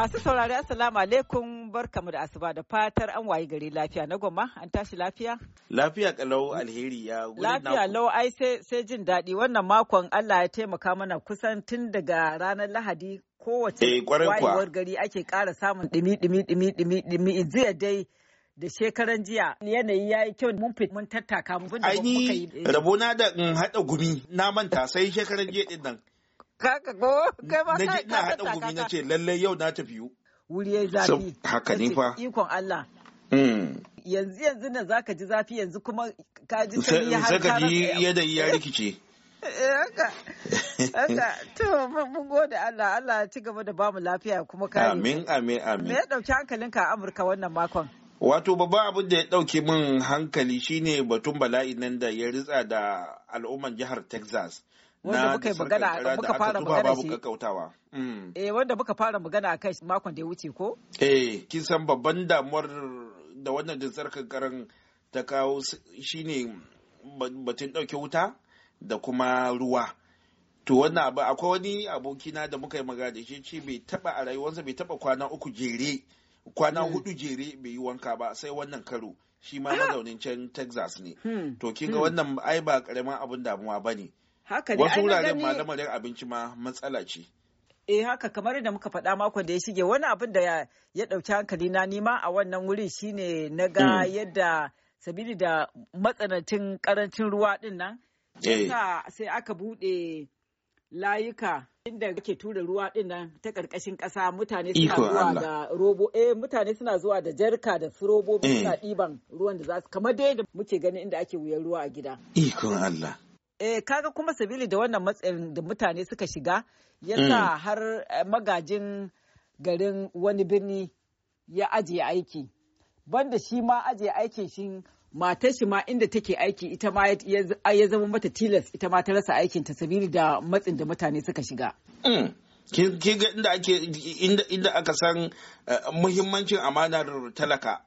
Masu saurari Assalamu alaikum barkamu da asuba da fatar an wayi gari lafiya na gwamma an tashi lafiya? Lafiya kalau alheri ya Lafiya lau ai sai jin daɗi wannan makon Allah ya taimaka mana kusan tun daga ranar Lahadi kowace eh, wayewar gari ake ƙara samun ɗimi ɗimi ɗimi ɗimi ɗimi jiya dai da shekaran jiya yanayi ya yi kyau mun fit mun tattaka mun da muka yi. Eh. Rabona da in haɗa gumi na manta sai shekaran jiya ɗin nan. kaka ko kai ba kai na hada gumi na ce lallai yau na tafiyu wuri yayi zafi haka ne fa ikon Allah hmm. yanzu yanzu nan zaka ji zafi yanzu kuma ka ji sanyi har ka ji yadda ya rikice eh, haka haka to mun gode Allah Allah ya ci gaba da bamu lafiya kuma kare amin amin amin me ya dauki hankalinka a Amurka wannan makon Wato babban abin da ya ɗauke min hankali shine batun Bala'i nan da ya ritsa da al'umman jihar Texas wanda muka magana muka fara magana shi hmm. eh wanda muka fara magana kai makon da ya wuce ko eh kin san babban damuwar da wannan dinsar kankaran ta kawo shine batun dauke wuta da kuma ruwa to wannan abu akwai wani abokina da muka yi magana da shi ce bai taba a rayuwarsa bai taba kwana uku jere kwana hmm. hudu jere bai yi wanka ba sai wannan karo shi ma mazaunin can texas ne hmm. to kinga wannan ai ba karamin abun damuwa ba ne haka dai wasu wuraren ma lamarin abinci ma matsala ce eh haka kamar da muka faɗa makon da ya shige wani abin da ya ɗauki hankali na nima a wannan wuri shine na ga hmm. yadda sabili da matsanancin karancin ruwa din nan eh. sai aka buɗe layuka inda ke tura ruwa din nan ta ƙarƙashin ƙasa mutane suna zuwa da robo eh mutane suna zuwa da jarka da su robobi hmm. suna ɗiban ruwan da za su kamar dai da muke gani inda ake wuyan ruwa a gida ikon Allah eh kaga kuma sabili da wannan matsayin da mutane suka shiga yasa mm. har eh, magajin garin wani birni ya ajiye aiki banda shi ma ajiye aikin shi matar shi ma inda take aiki ita ma ya zama mata tilas ita ma ta rasa aikin ta sabili da matsin da mutane suka shiga mm. kin ga inda ake inda aka san eh, muhimmancin amanar talaka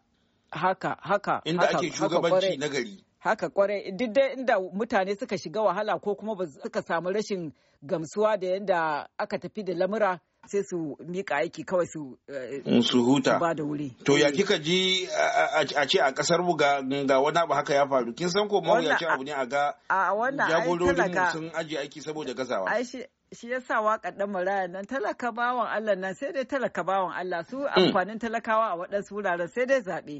haka haka inda ake shugabanci na gari haka kwarai duk dai inda mutane suka shiga wahala ko kuma ba suka samu rashin gamsuwa da yadda aka tafi da lamura sai su mika aiki kawai su eh, su huta ba da wuri to ya kika ji a ce a kasar mu ga wani abu haka ya faru kin san ko mawuyacin abu ne a ga jagororin sun ajiye aiki saboda gazawa shi ya sa waka dan maraya nan talaka bawon Allah nan sai dai talaka bawon Allah su hmm. amfanin talakawa a waɗansu wuraren sai dai zaɓe.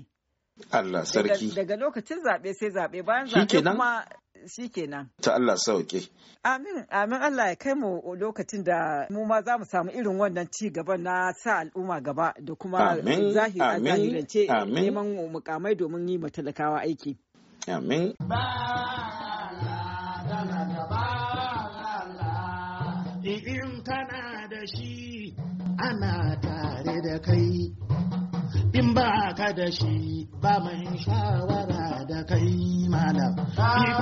Allah sarki. Daga lokacin zaɓe sai zaɓe bayan zaɓe kuma shi kenan. Ta Allah sauke. Amin, amin Allah ya kai mu lokacin da mu ma za mu samu irin wannan ci gaba na sa al'umma gaba da kuma zahirance neman mukamai domin yi ma talakawa aiki. Amin. In kana da shi ana tare da kai. in ba ka da shi ba mai shawara da kai malam ifan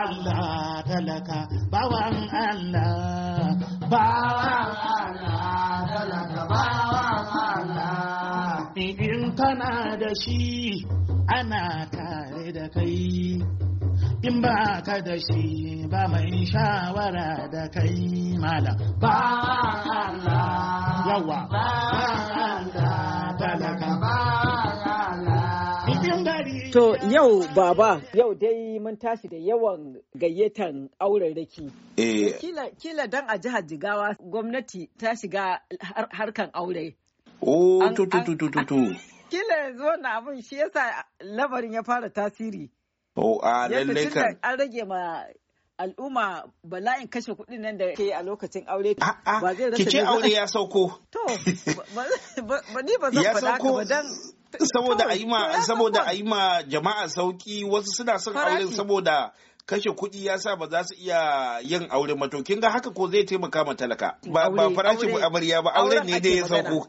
Allah talaka bawan Allah bawan Allah talaka bawan Allah in kana da shi ana tare da kai in ba ka da shi ba mai shawara da kai malam bawan Allah yawa To yau baba yau dai mun tashi da yawan gayyatan aurareki. Eh. Kila, kila dan a jihar Jigawa gwamnati ta shiga harkan aure. Oh, to to Kila yanzu na abin shi yasa labarin ya fara tasiri. Oh, ah, a lallai An rage ma al'umma bala'in kashe kudin nan da ke a lokacin aure ah, ah, ba zai rasa kice aure ya sauko to ba ni ba zan faɗa ka ba dan saboda a yi ma saboda a yi ma jama'a sauki wasu suna son auren saboda kashe kuɗi ya sa ba za su iya yin aure mato kin ga haka ko zai taimaka ma talaka ba ba farashin amarya ba auren ne dai ya sauko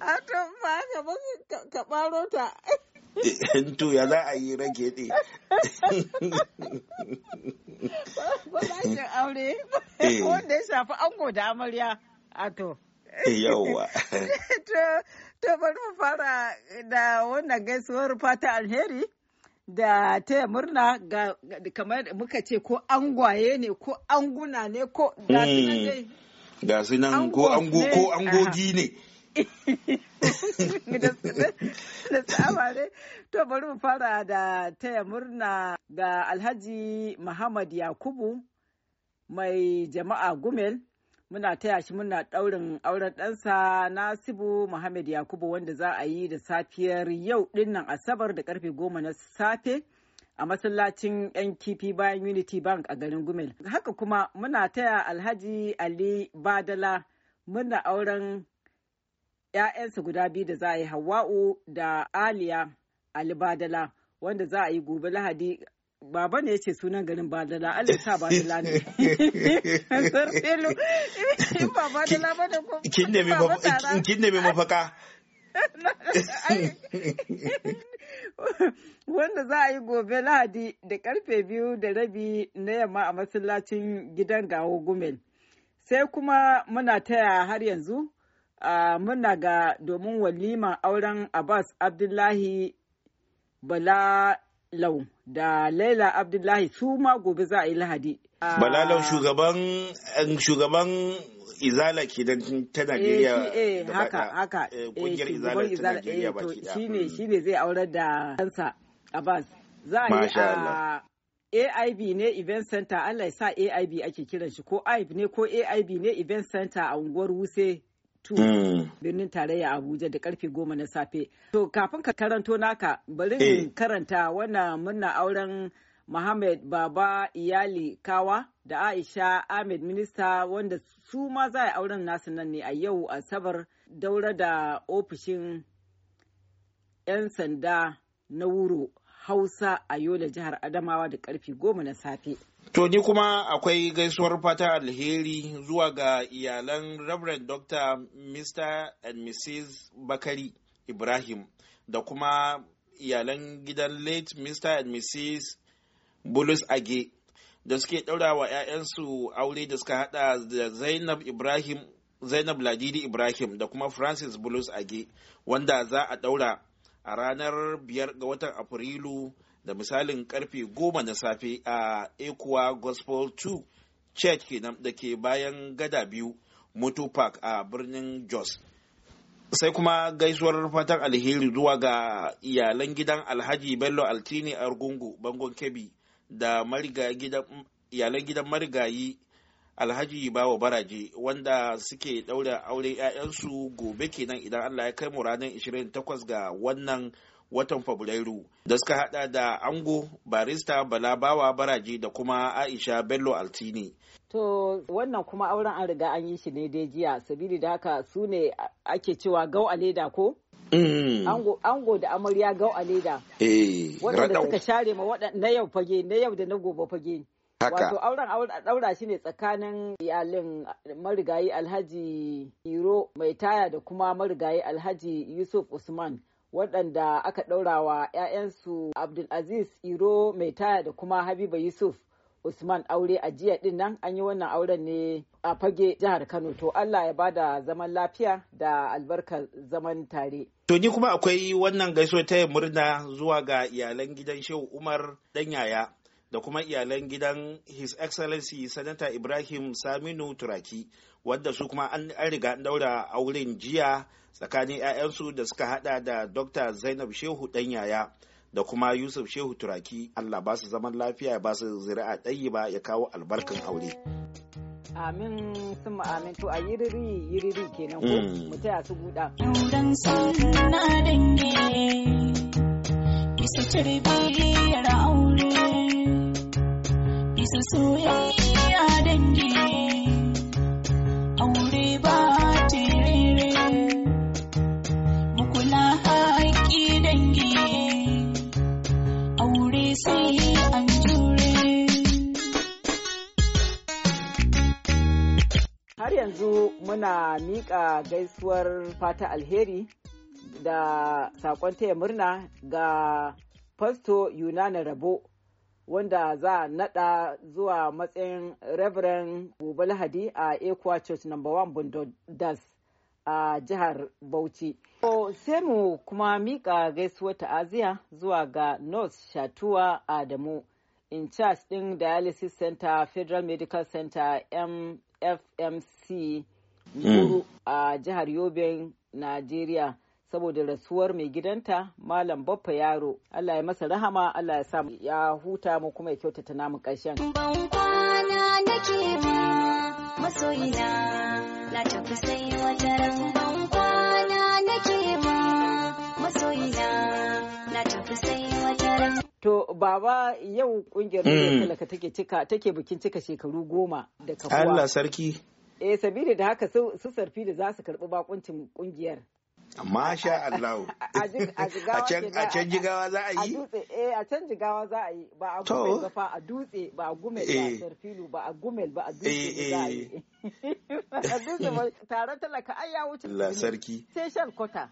a to ba ka ba ka baro ta to ya za a yi rage ne ba aure eh. wanda ya shafi ango da amarya a to Yawwa. To bari mu fara da wannan gaisuwar fata alheri da taya murna ga kamar muka ce ko angwaye ne ko anguna ne ko ga su nan hmm. ko ango ko angogi ne. da tsama ne to bari mu fara da taya murna ga alhaji muhammad yakubu mai jama'a gumel muna taya shi muna daurin auren ɗansa Nasibu Muhammad Yakubu wanda za a yi da safiyar yau dinnan Asabar da karfe goma na safe a masallacin 'yan kifi bayan Unity Bank a garin Gumel. Haka kuma muna taya Alhaji Ali Badala muna auren 'ya'yansa guda biyu da za a yi Hawa'u da Aliya Ali Badala wanda za a yi gobe Lahadi baba ne yace sunan garin ba da Allah sa ba da ne. Kin in ba ba Wanda za a yi gobe Lahadi da karfe biyu da rabi na yamma a masallacin gidan gawo Gumel. Sai kuma muna taya har yanzu muna ga domin walima auren Abbas Abdullahi Bala Lau da Laila Abdullahi su ma gobe za a yi Lahadi. Balalau shugaban eh, shugaban Izala kenan ta eh, Najeriya. Eh haka haka. Eh, kungiyar Izala ta Najeriya baki da. Shine hmm. shine zai aurar da kansa Abbas. Za a yi a AIB ne event center Allah ya sa AIB ake kiran shi ko AIB ne ko AIB ne event center a unguwar Wuse 2 mm. birnin tarayya Abuja da karfe goma na safe. To kafin ka karanto naka bari in eh. karanta wannan murna auren Muhammad Baba Iyali Kawa da Aisha Ahmed Minista wanda su ma za a auren nasu nan ne a yau Asabar daura da ofishin 'yan sanda na wuro Hausa a Yola jihar Adamawa da karfe goma na safe. To ni kuma akwai gaisuwar fata alheri zuwa ga iyalan Reverend Dr. Mr. and Mrs. Bakari Ibrahim da kuma iyalan gidan late Mr. and Mrs. Bulus Age da suke ɗaura wa 'ya'yansu aure da suka hada da Zainab Ibrahim Zainab Ladidi Ibrahim da kuma Francis Bulus Age wanda za a ɗaura a ranar 5 ga watan Afrilu da misalin karfe goma na safe a ecuador Gospel 2 Church kenan da ke bayan gada biyu Moto Park a birnin Jos. Sai kuma gaisuwar fatan alheri zuwa ga iyalan gidan Alhaji Bello Altini Argungu Bangon Kebbi da iyalan gidan marigayi Alhaji Bawa Baraje wanda suke ɗaure aure 'ya'yansu gobe kenan idan Allah ya kai mu ranar 28 ga wannan watan Fabrairu da suka hada da ango barista balabawa baraji da kuma Aisha Bello Altini. To wannan kuma auren an riga an yi shi ne dai jiya sabili da haka su ne ake cewa gau a leda ko? Mm. Ango da amarya gau a leda. Eh, Waɗanda suka share ma na yau fage na yau da na gobe fage. Wato auren daura shi ne tsakanin iyalin marigayi Alhaji Iro mai taya da kuma marigayi Alhaji Yusuf Usman. waɗanda aka ɗaura ɗaurawa 'ya'yansu Abdulaziz Iro mai taya da kuma Habiba Yusuf Usman aure a jiya ɗin nan an yi wannan auren ne a fage jihar Kano to Allah ya bada zaman lafiya da albarkar zaman tare. To ni kuma akwai wannan gaiso ta murna zuwa ga iyalan gidan Shehu Umar dan yaya da kuma iyalan gidan His Excellency Sanata Ibrahim Saminu Turaki wadda su kuma an riga ɗaura auren jiya tsakanin 'ya'yansu da suka hada da dr zainab shehu yaya da kuma yusuf shehu turaki allah ba su zaman lafiya ba su zira'a ɗayi ba ya kawo albarkan aure amin sun ma'amin to a yiriri yiriri kenan ko hmm. mu taya su buɗa yaudan na dange isa tarbiyyar aure isa soyayya dange yanzu muna miƙa gaisuwar fata alheri da saƙon taya murna ga fasto Yunana Rabo wanda za a naɗa zuwa matsayin Reverend Gobe Lahadi a Equa Church No. 1 Bundodas a jihar Bauchi. sai mu kuma miƙa gaisuwar ta'aziyya zuwa ga North Shatuwa Adamu. in charge ɗin dialysis center federal medical center m fmc Nuru hmm. a jihar yobe najeriya saboda rasuwar mai gidanta malam baffa yaro allah ya masa rahama allah ya sa ya huta mu kuma ya kyautata namu ƙarshen ban kwana nake ba masoyina na tafi sai wata ran ban kwana nake ba masoyina baba yau kungiyar mm. talaka take cika take bikin cika shekaru goma da kafuwa. Allah sarki. Eh sabili da haka su sarfi da za su karɓi bakuncin kungiyar. Masha Allah. A can jigawa za a yi? Eh a can jigawa za a yi ba a gumel ba fa a dutse ba a gumel ba a eh. sarfilu ba a gumel ba a dutse eh, za a yi. Eh. A dutse ba tare talaka ai ya wuce. Allah sarki. Sai shan kwata.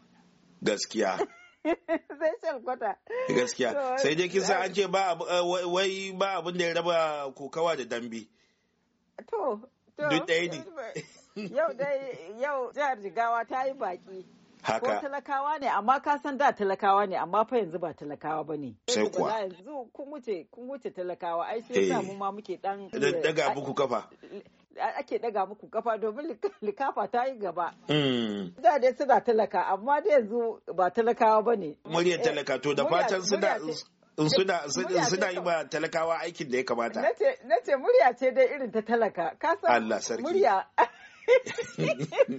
Gaskiya. sai shan kwata gaskiya sai dai kisa an ce ba eh, wai ba abin da ya raba kokawa da dambi. to duk ɗaya ne yau dai yau jihar jigawa ta yi baki haka ko talakawa ne amma ka san da talakawa ne amma fa yanzu ba talakawa ba ne sai kuwa yanzu kun wuce talakawa ai shi yasa eh. mu ma muke dan daga eh, ku kafa ake daga muku kafa domin likafa ta yi gaba. Hmm. Da dai suna talaka amma da yanzu ba talakawa ba ne. Muryar eh, talaka to da fatan suna suna yi ba talakawa aikin da ya kamata. Na ce murya ce dai irin ta talaka. Ka san murya.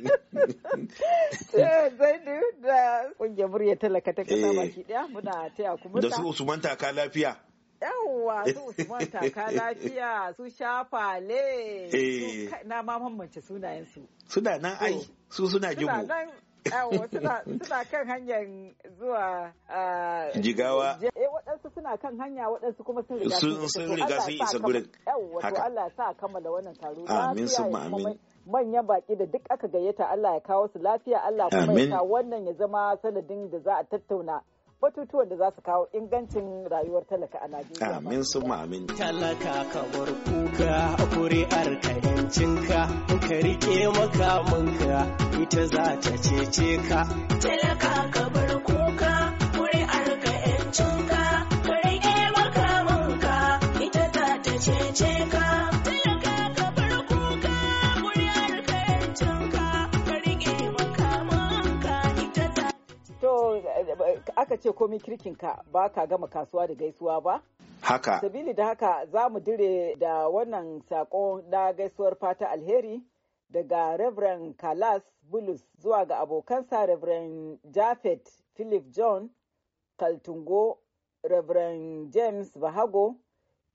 Eh, Zaidu da kungiyar murya talaka ta kasa eh. baki daya muna taya kuma. Da su Usman ta ka lafiya. yawwa su usman taka lafiya su shafa le. Eh. na mace mamance sunayensu suna nan ai su suna jimu suna kan hanyar zuwa ah, jigawa eh waɗansu suna kan hanya waɗansu kuma sun riga sun riga sun isa gurin haka Allah ya sa kammala wannan taro amin summa amin manyan baki da duk aka gayyata Allah ya kawo su lafiya Allah kuma ya wannan ya zama sanadin da za a tattauna batutuwan da za su kawo ingancin rayuwar talaka a Najeriya. Amin su amin. Talaka bar kuka kuri'ar ka ka rike makamanka ita za ta cece ka. Talaka bar kuka. aka ce komai kirkinka ba ka gama kasuwa da gaisuwa ba? Haka. Sabili da haka za mu dire da wannan sako na gaisuwar fata alheri daga Reverend Kalas Bulus zuwa ga abokansa Reverend Jafet Philip John Kaltungo, Reverend James Bahago,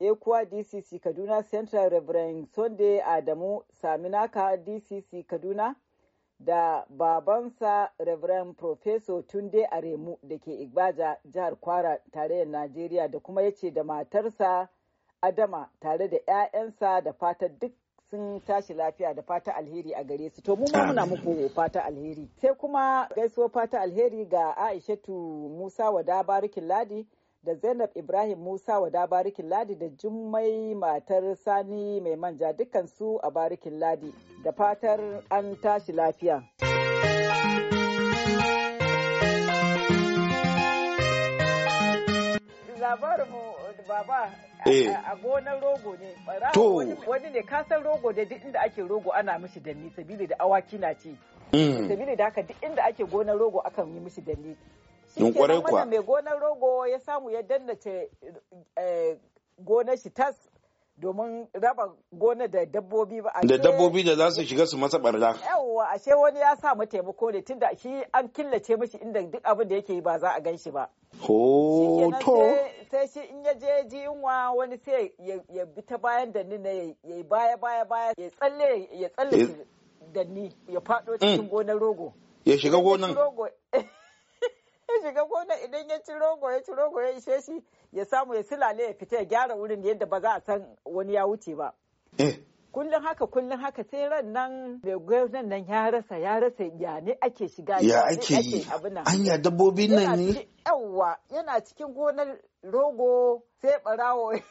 Ekuwa DCC Kaduna Central Reverend Sunday Adamu Saminaka DCC Kaduna. da babansa Reverend Professor Tunde Aremu da ke Igbaja jihar Kwara tarayyar Najeriya da kuma ya ce da matarsa Adama tare da 'ya'yansa da fata duk sun tashi lafiya da fata alheri a gare su. To mu muna muku fata alheri. Sai kuma gaisuwa fata alheri ga Aishatu Musa Wada Barikin Ladi da Zainab Ibrahim Musa wa da barikin ladi da Jummai matar Sani mai manja dukansu a barikin ladi da fatar an tashi lafiya. Labarinmu baba a eh. gonar rogo ne to wani ne kasar rogo da duk inda ake rogo ana mishi danni sabili da awaki na ci mm. sabili da haka duk inda ake gonar rogo akan yi mishi danni don kwarai kuwa mai gonar rogo ya samu ya dannace eh, gonar shi tas domin raba gona da dabbobi ba da dabbobi da za su shiga su masa barna yawwa ashe wani ya samu taimako ne tunda shi an killace mishi inda duk abin da yake yi ba za a gan shi ba ho to sai shi in ya je ji yunwa wani sai ya bi ta bayan da ni ne ya yi baya baya baya ya tsalle ya tsalle da ni ya fado cikin mm. gonar rogo ya shiga gonar rogo ya shiga gona idan ya ci rogo ya ci rogo ya ishe shi ya samu ya silale ya fita ya gyara wurin yadda ba za a san wani ya wuce ba. Eh. kullum haka kullum haka sai ran nan mai gwamnan nan ya rasa ya rasa ya ne ake shiga ya ake yi anya dabbobi nan ne yawa yana cikin gonar rogo sai barawo ya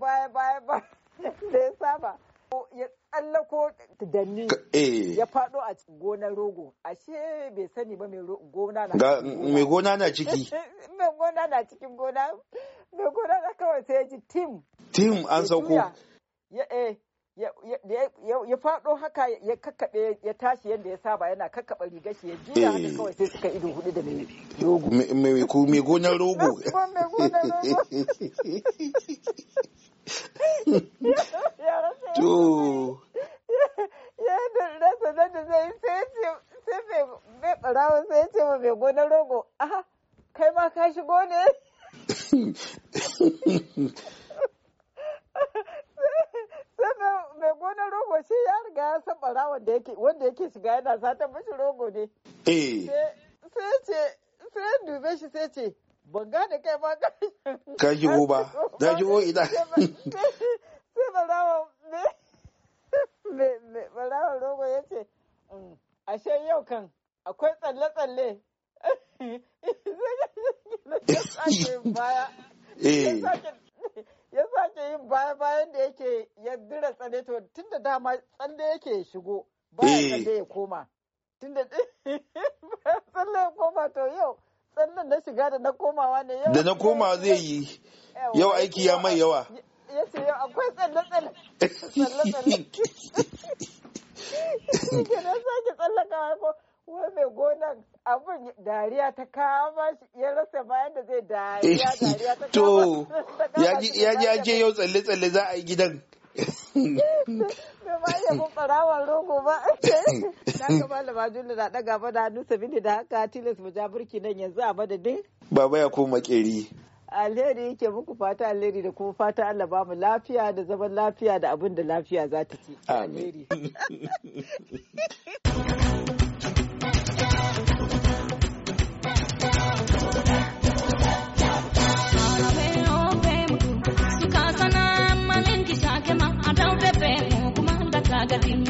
baya baya ba da ya saba tsallako danni eh. ya faɗo a gonar rogo ashe bai sani ba mai gona na mai gona na ciki mai gona na cikin gona mai gona na kawai sai ya ji tim tim an sauko ya eh faɗo haka ya kakkaɓe ya tashi yadda ya saba yana kakkaɓe riga shi ya juya haka eh. kawai sai suka ido hudu da mai rogo mai gonar rogo to sannan mai gonar rogo shi ya riga ya san bara wanda yake wanda yake shiga yana sata mashi rogo ne eh. sai ce sai dube shi sai ce ban gane kai ma ka shigo ba za ki o ina sai barawa me barawa rogo ya ce mm, ashe yau kan akwai tsalle-tsalle Eh. ya sake yin baya bayan da yake ya dira tsane to tun da dama tsalle yake shigo bayan da eh. ya koma tun da tsalle ya koma to yau tsallen na shiga da na komawa ne yau da na koma zai yi yau aiki ya mai yawa ya ce yau akwai tsalle tsalle tsalle tsalle shi ke nan sake ko wai mai gonan abin dariya ta kama shi ya rasa bayan da zai dariya eh, to ya ji yau tsalle tsalle za a yi gidan ba ya mun farawa rogo ba na ga malama jula na daga ba da hannu sabini da haka tilas mu ja burki nan yanzu a madadin baba ya koma makeri alheri yake muku fata alheri da kuma fata Allah ba mu lafiya da zaman lafiya da abin da lafiya za ta ci. Amin. Magazine